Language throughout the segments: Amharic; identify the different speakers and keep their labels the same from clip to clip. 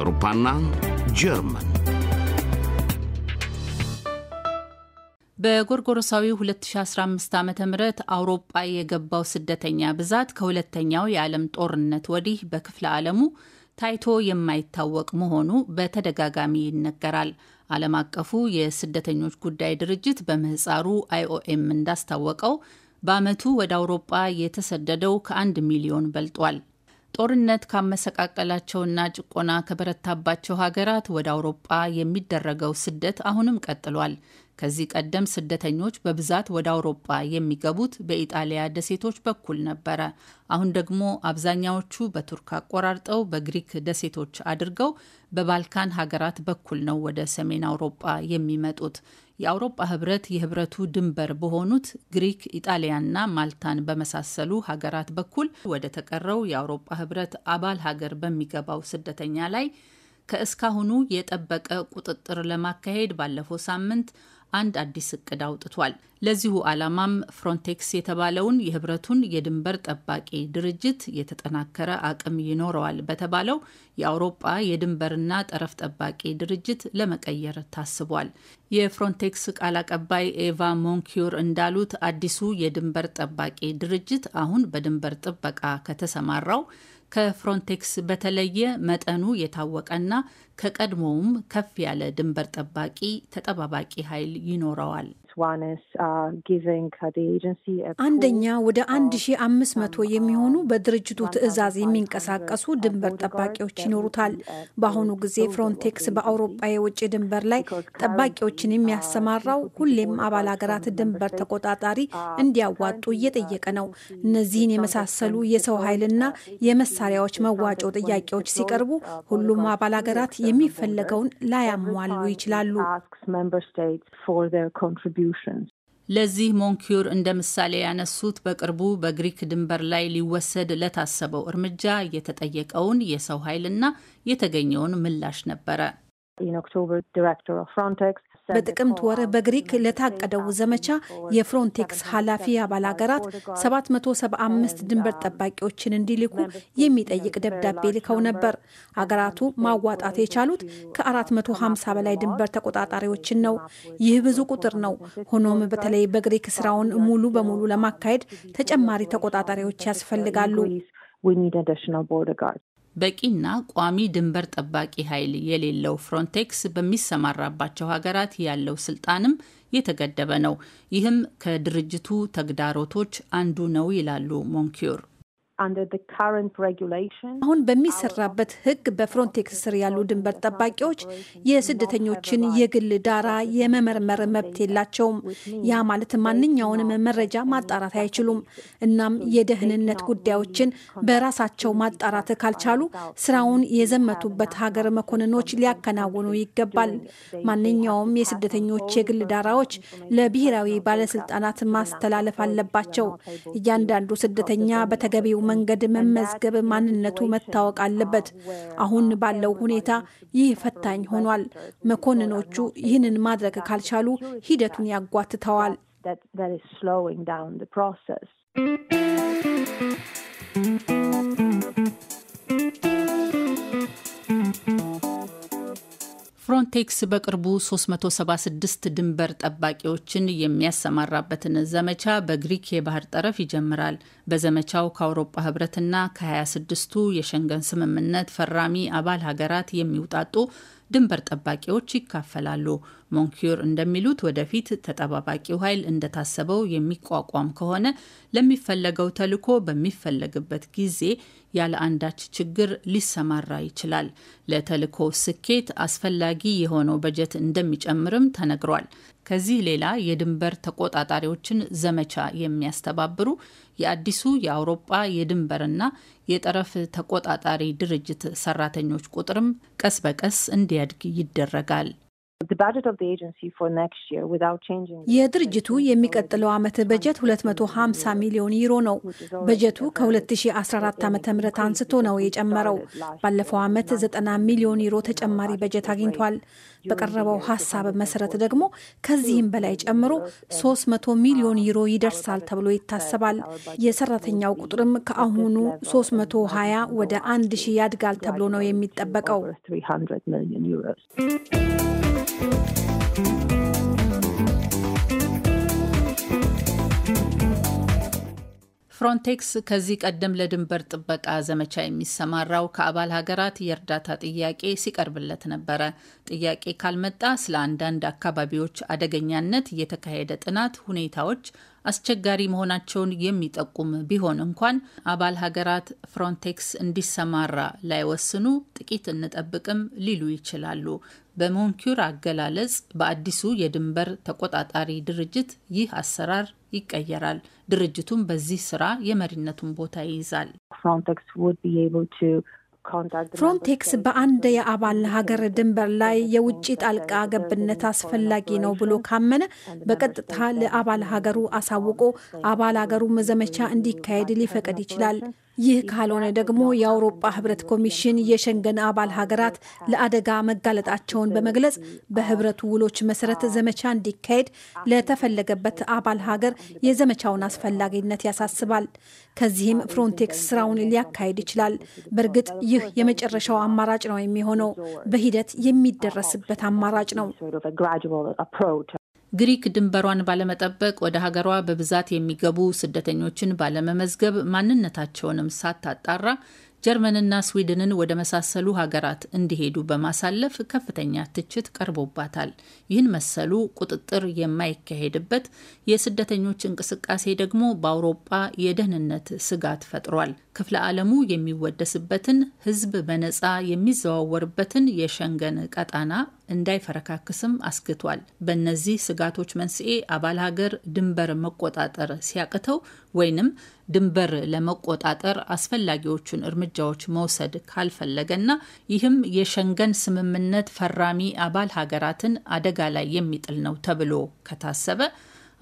Speaker 1: አውሮፓና ጀርመን
Speaker 2: በጎርጎሮሳዊ 2015 ዓ ም አውሮጳ የገባው ስደተኛ ብዛት ከሁለተኛው የዓለም ጦርነት ወዲህ በክፍለ ዓለሙ ታይቶ የማይታወቅ መሆኑ በተደጋጋሚ ይነገራል። ዓለም አቀፉ የስደተኞች ጉዳይ ድርጅት በምህፃሩ አይኦኤም እንዳስታወቀው በዓመቱ ወደ አውሮጳ የተሰደደው ከአንድ ሚሊዮን በልጧል። ጦርነት ካመሰቃቀላቸውና ጭቆና ከበረታባቸው ሀገራት ወደ አውሮጳ የሚደረገው ስደት አሁንም ቀጥሏል። ከዚህ ቀደም ስደተኞች በብዛት ወደ አውሮጳ የሚገቡት በኢጣሊያ ደሴቶች በኩል ነበረ። አሁን ደግሞ አብዛኛዎቹ በቱርክ አቆራርጠው በግሪክ ደሴቶች አድርገው በባልካን ሀገራት በኩል ነው ወደ ሰሜን አውሮጳ የሚመጡት። የአውሮጳ ህብረት የህብረቱ ድንበር በሆኑት ግሪክ፣ ኢጣሊያና ማልታን በመሳሰሉ ሀገራት በኩል ወደ ተቀረው የአውሮጳ ህብረት አባል ሀገር በሚገባው ስደተኛ ላይ ከእስካሁኑ የጠበቀ ቁጥጥር ለማካሄድ ባለፈው ሳምንት አንድ አዲስ እቅድ አውጥቷል። ለዚሁ ዓላማም ፍሮንቴክስ የተባለውን የህብረቱን የድንበር ጠባቂ ድርጅት የተጠናከረ አቅም ይኖረዋል በተባለው የአውሮጳ የድንበርና ጠረፍ ጠባቂ ድርጅት ለመቀየር ታስቧል። የፍሮንቴክስ ቃል አቀባይ ኤቫ ሞንኪዩር እንዳሉት አዲሱ የድንበር ጠባቂ ድርጅት አሁን በድንበር ጥበቃ ከተሰማራው ከፍሮንቴክስ በተለየ መጠኑ የታወቀና ከቀድሞውም ከፍ ያለ ድንበር ጠባቂ ተጠባባቂ ኃይል ይኖረዋል። Uh, uh, አንደኛ
Speaker 1: ወደ 1500 um, የሚሆኑ uh, በድርጅቱ ትዕዛዝ የሚንቀሳቀሱ ድንበር ጠባቂዎች ይኖሩታል። በአሁኑ ጊዜ ፍሮንቴክስ በአውሮፓ የውጭ ድንበር ላይ ጠባቂዎችን የሚያሰማራው ሁሌም አባል ሀገራት ድንበር ተቆጣጣሪ እንዲያዋጡ እየጠየቀ ነው። እነዚህን የመሳሰሉ የሰው ኃይልና የመሳሪያዎች መዋጮ ጥያቄዎች ሲቀርቡ ሁሉም አባል ሀገራት የሚፈለገውን ላያሟሉ ይችላሉ።
Speaker 2: ለዚህ ሞንኪዩር እንደ ምሳሌ ያነሱት በቅርቡ በግሪክ ድንበር ላይ ሊወሰድ ለታሰበው እርምጃ የተጠየቀውን የሰው ኃይልና የተገኘውን ምላሽ ነበረ።
Speaker 1: በጥቅምት ወር በግሪክ ለታቀደው ዘመቻ የፍሮንቴክስ ኃላፊ አባል ሀገራት 775 ድንበር ጠባቂዎችን እንዲልኩ የሚጠይቅ ደብዳቤ ልከው ነበር። ሀገራቱ ማዋጣት የቻሉት ከ450 በላይ ድንበር ተቆጣጣሪዎችን ነው። ይህ ብዙ ቁጥር ነው። ሆኖም በተለይ በግሪክ ስራውን ሙሉ በሙሉ ለማካሄድ ተጨማሪ ተቆጣጣሪዎች ያስፈልጋሉ።
Speaker 2: በቂና ቋሚ ድንበር ጠባቂ ኃይል የሌለው ፍሮንቴክስ በሚሰማራባቸው ሀገራት ያለው ስልጣንም የተገደበ ነው። ይህም ከድርጅቱ ተግዳሮቶች አንዱ ነው ይላሉ ሞንኪዮር።
Speaker 1: አሁን በሚሰራበት ህግ በፍሮንቴክስ ስር ያሉ ድንበር ጠባቂዎች የስደተኞችን የግል ዳራ የመመርመር መብት የላቸውም። ያ ማለት ማንኛውንም መረጃ ማጣራት አይችሉም። እናም የደህንነት ጉዳዮችን በራሳቸው ማጣራት ካልቻሉ ስራውን የዘመቱበት ሀገር መኮንኖች ሊያከናውኑ ይገባል። ማንኛውም የስደተኞች የግል ዳራዎች ለብሔራዊ ባለስልጣናት ማስተላለፍ አለባቸው። እያንዳንዱ ስደተኛ በተገቢው መንገድ መመዝገብ ማንነቱ መታወቅ አለበት። አሁን ባለው ሁኔታ ይህ ፈታኝ ሆኗል። መኮንኖቹ ይህንን ማድረግ ካልቻሉ ሂደቱን ያጓትተዋል።
Speaker 2: ቴክስ በቅርቡ 376 ድንበር ጠባቂዎችን የሚያሰማራበትን ዘመቻ በግሪክ የባህር ጠረፍ ይጀምራል። በዘመቻው ከአውሮፓ ህብረትና ከ26ቱ የሸንገን ስምምነት ፈራሚ አባል ሀገራት የሚውጣጡ ድንበር ጠባቂዎች ይካፈላሉ። ሞንኪር እንደሚሉት ወደፊት ተጠባባቂው ኃይል እንደታሰበው የሚቋቋም ከሆነ ለሚፈለገው ተልዕኮ በሚፈለግበት ጊዜ ያለ አንዳች ችግር ሊሰማራ ይችላል። ለተልዕኮ ስኬት አስፈላጊ የሆነው በጀት እንደሚጨምርም ተነግሯል። ከዚህ ሌላ የድንበር ተቆጣጣሪዎችን ዘመቻ የሚያስተባብሩ የአዲሱ የአውሮጳ የድንበርና የጠረፍ ተቆጣጣሪ ድርጅት ሰራተኞች ቁጥርም ቀስ በቀስ እንዲ እንዲያድግ ይደረጋል። የድርጅቱ
Speaker 1: የሚቀጥለው ዓመት በጀት 250 ሚሊዮን ዩሮ ነው። በጀቱ ከ2014 ዓ ም አንስቶ ነው የጨመረው። ባለፈው ዓመት 90 ሚሊዮን ዩሮ ተጨማሪ በጀት አግኝቷል። በቀረበው ሀሳብ መሰረት ደግሞ ከዚህም በላይ ጨምሮ 300 ሚሊዮን ዩሮ ይደርሳል ተብሎ ይታሰባል። የሰራተኛው ቁጥርም ከአሁኑ 320 ወደ 1000 ያድጋል ተብሎ ነው የሚጠበቀው።
Speaker 2: ፍሮንቴክስ ከዚህ ቀደም ለድንበር ጥበቃ ዘመቻ የሚሰማራው ከአባል ሀገራት የእርዳታ ጥያቄ ሲቀርብለት ነበረ። ጥያቄ ካልመጣ ስለ አንዳንድ አካባቢዎች አደገኛነት እየተካሄደ ጥናት ሁኔታዎች አስቸጋሪ መሆናቸውን የሚጠቁም ቢሆን እንኳን አባል ሀገራት ፍሮንቴክስ እንዲሰማራ ላይወስኑ ጥቂት እንጠብቅም ሊሉ ይችላሉ። በሞንኪር አገላለጽ በአዲሱ የድንበር ተቆጣጣሪ ድርጅት ይህ አሰራር ይቀየራል። ድርጅቱም በዚህ ስራ የመሪነቱን ቦታ ይይዛል።
Speaker 1: ፍሮንቴክስ በአንድ የአባል ሀገር ድንበር ላይ የውጭ ጣልቃ ገብነት አስፈላጊ ነው ብሎ ካመነ በቀጥታ ለአባል ሀገሩ አሳውቆ አባል ሀገሩም ዘመቻ እንዲካሄድ ሊፈቅድ ይችላል። ይህ ካልሆነ ደግሞ የአውሮፓ ህብረት ኮሚሽን የሸንገን አባል ሀገራት ለአደጋ መጋለጣቸውን በመግለጽ በህብረቱ ውሎች መሰረት ዘመቻ እንዲካሄድ ለተፈለገበት አባል ሀገር የዘመቻውን አስፈላጊነት ያሳስባል። ከዚህም ፍሮንቴክስ ስራውን ሊያካሄድ ይችላል። በእርግጥ ይህ የመጨረሻው አማራጭ ነው የሚሆነው፣ በሂደት
Speaker 2: የሚደረስበት አማራጭ ነው። ግሪክ ድንበሯን ባለመጠበቅ ወደ ሀገሯ በብዛት የሚገቡ ስደተኞችን ባለመመዝገብ ማንነታቸውንም ሳታጣራ ጀርመንና ስዊድንን ወደ መሳሰሉ ሀገራት እንዲሄዱ በማሳለፍ ከፍተኛ ትችት ቀርቦባታል። ይህን መሰሉ ቁጥጥር የማይካሄድበት የስደተኞች እንቅስቃሴ ደግሞ በአውሮጳ የደህንነት ስጋት ፈጥሯል። ክፍለ ዓለሙ የሚወደስበትን ህዝብ በነፃ የሚዘዋወርበትን የሸንገን ቀጣና እንዳይፈረካክስም አስግቷል። በእነዚህ ስጋቶች መንስኤ አባል ሀገር ድንበር መቆጣጠር ሲያቅተው ወይንም ድንበር ለመቆጣጠር አስፈላጊዎቹን እርምጃዎች መውሰድ ካልፈለገና ይህም የሸንገን ስምምነት ፈራሚ አባል ሀገራትን አደጋ ላይ የሚጥል ነው ተብሎ ከታሰበ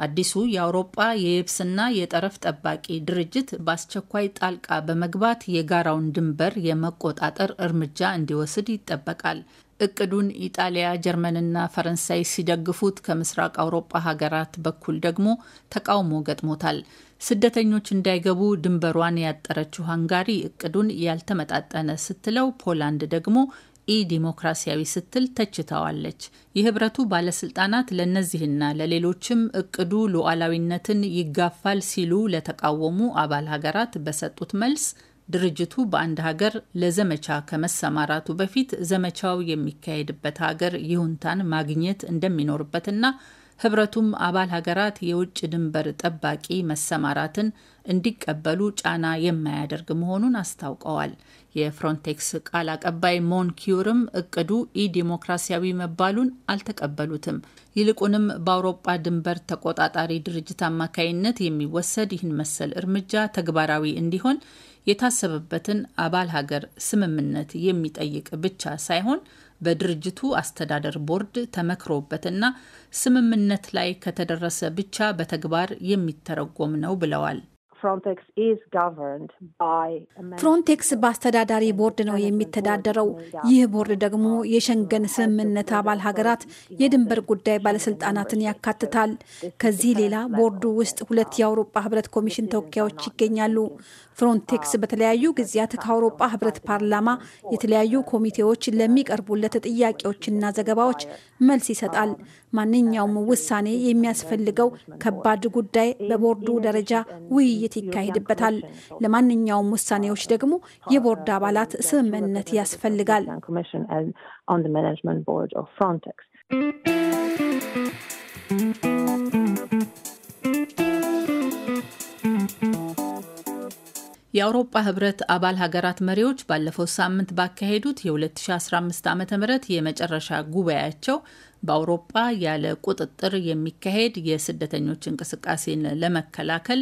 Speaker 2: አዲሱ የአውሮጳ የየብስና የጠረፍ ጠባቂ ድርጅት በአስቸኳይ ጣልቃ በመግባት የጋራውን ድንበር የመቆጣጠር እርምጃ እንዲወስድ ይጠበቃል። እቅዱን ኢጣሊያ፣ ጀርመንና ፈረንሳይ ሲደግፉት ከምስራቅ አውሮጳ ሀገራት በኩል ደግሞ ተቃውሞ ገጥሞታል። ስደተኞች እንዳይገቡ ድንበሯን ያጠረችው ሃንጋሪ እቅዱን ያልተመጣጠነ ስትለው፣ ፖላንድ ደግሞ ኢዲሞክራሲያዊ ስትል ተችተዋለች። የህብረቱ ባለስልጣናት ለእነዚህና ለሌሎችም እቅዱ ሉዓላዊነትን ይጋፋል ሲሉ ለተቃወሙ አባል ሀገራት በሰጡት መልስ ድርጅቱ በአንድ ሀገር ለዘመቻ ከመሰማራቱ በፊት ዘመቻው የሚካሄድበት ሀገር ይሁንታን ማግኘት እንደሚኖርበትና ህብረቱም አባል ሀገራት የውጭ ድንበር ጠባቂ መሰማራትን እንዲቀበሉ ጫና የማያደርግ መሆኑን አስታውቀዋል። የፍሮንቴክስ ቃል አቀባይ ሞንኪዩርም እቅዱ ኢዲሞክራሲያዊ መባሉን አልተቀበሉትም። ይልቁንም በአውሮጳ ድንበር ተቆጣጣሪ ድርጅት አማካይነት የሚወሰድ ይህን መሰል እርምጃ ተግባራዊ እንዲሆን የታሰበበትን አባል ሀገር ስምምነት የሚጠይቅ ብቻ ሳይሆን በድርጅቱ አስተዳደር ቦርድ ተመክሮበትና ስምምነት ላይ ከተደረሰ ብቻ በተግባር የሚተረጎም ነው ብለዋል።
Speaker 1: ፍሮንቴክስ በአስተዳዳሪ ቦርድ ነው የሚተዳደረው። ይህ ቦርድ ደግሞ የሸንገን ስምምነት አባል ሀገራት የድንበር ጉዳይ ባለስልጣናትን ያካትታል። ከዚህ ሌላ ቦርዱ ውስጥ ሁለት የአውሮፓ ህብረት ኮሚሽን ተወካዮች ይገኛሉ። ፍሮንቴክስ በተለያዩ ጊዜያት ከአውሮፓ ህብረት ፓርላማ የተለያዩ ኮሚቴዎች ለሚቀርቡለት ጥያቄዎችና ዘገባዎች መልስ ይሰጣል። ማንኛውም ውሳኔ የሚያስፈልገው ከባድ ጉዳይ በቦርዱ ደረጃ ውይይት ይካሄድበታል። ለማንኛውም ውሳኔዎች ደግሞ የቦርድ አባላት ስምምነት ያስፈልጋል። on the management board of Frontex.
Speaker 2: የአውሮፓ ህብረት አባል ሀገራት መሪዎች ባለፈው ሳምንት ባካሄዱት የ2015 ዓ ም የመጨረሻ ጉባኤያቸው በአውሮፓ ያለ ቁጥጥር የሚካሄድ የስደተኞች እንቅስቃሴን ለመከላከል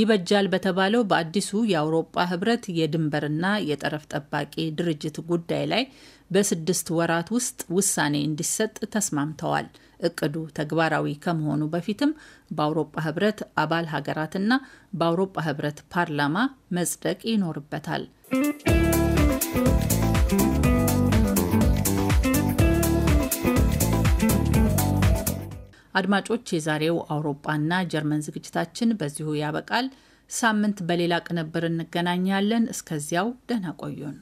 Speaker 2: ይበጃል በተባለው በአዲሱ የአውሮፓ ህብረት የድንበርና የጠረፍ ጠባቂ ድርጅት ጉዳይ ላይ በስድስት ወራት ውስጥ ውሳኔ እንዲሰጥ ተስማምተዋል። እቅዱ ተግባራዊ ከመሆኑ በፊትም በአውሮፓ ህብረት አባል ሀገራትና በአውሮፓ ህብረት ፓርላማ መጽደቅ ይኖርበታል። አድማጮች፣ የዛሬው አውሮፓና ጀርመን ዝግጅታችን በዚሁ ያበቃል። ሳምንት በሌላ ቅንብር እንገናኛለን። እስከዚያው ደህና ቆዩን።